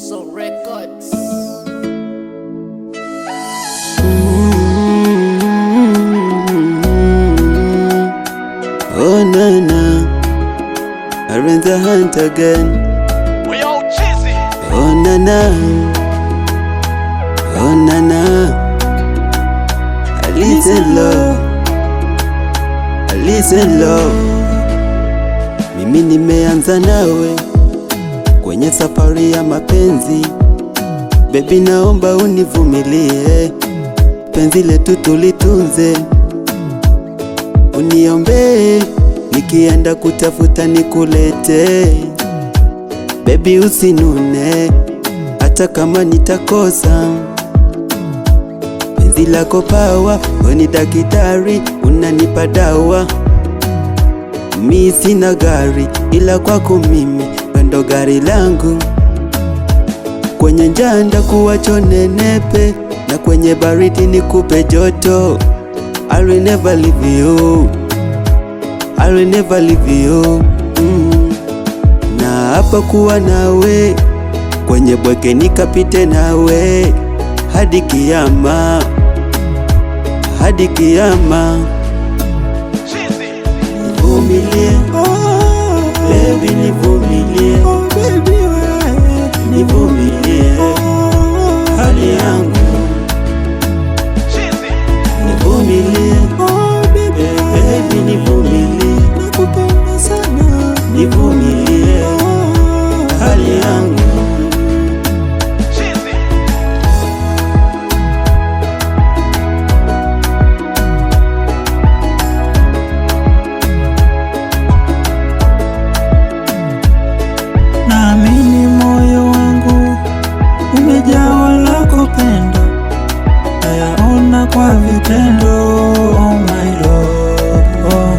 Muso Records. Oh, oh Nana, I ran the hunt again. We all cheesy. Oh Nana, oh Nana, I listen low, I listen low. Mimi nimeanza nawe kwenye safari ya mapenzi. Baby, naomba univumilie, penzi letu tulitunze, uniombee nikienda kutafuta nikulete. Baby, usinune hata kama nitakosa penzi lako pawa, weni dakitari, unanipa dawa. Mi sina gari ila kwako mimi ndo gari langu kwenye njaa ndakuwa chonenepe na kwenye baridi kupe joto. I will never leave you. I will never leave you. Mm. Na hapa kuwa nawe kwenye bweke nikapite nawe hadi kiyama, hadi kiyama. Vumilia jao la kupenda nayaona kwa vitendo. Oh my Lord, oh.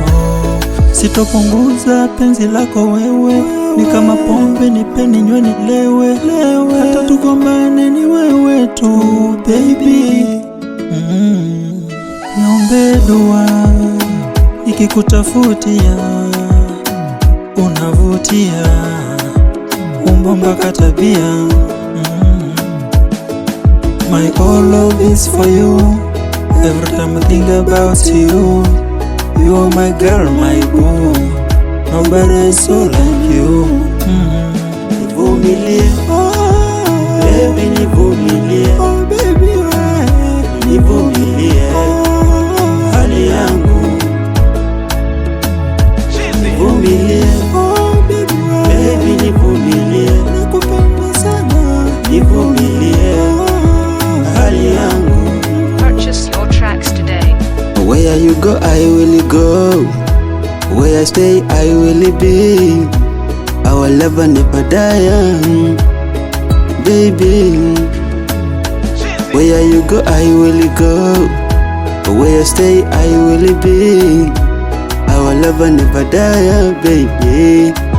Sitopunguza penzi lako wewe, ni kama pombe nipe ninywe nilewe, hata tugombane ni wewe tu baby. Mm. Niombe dua nikikutafutia, unavutia, umbo mpaka tabia My all love is for you. Every time I think about you, you are my girl, my boo. Nobody is so like you. Mm-hmm. Vumilia. Oh. Where you go, I will go. Where I stay, I will be. Our love never die, um, baby. Where you go, I will go. Where I stay, I will be. Our love never die, um, baby.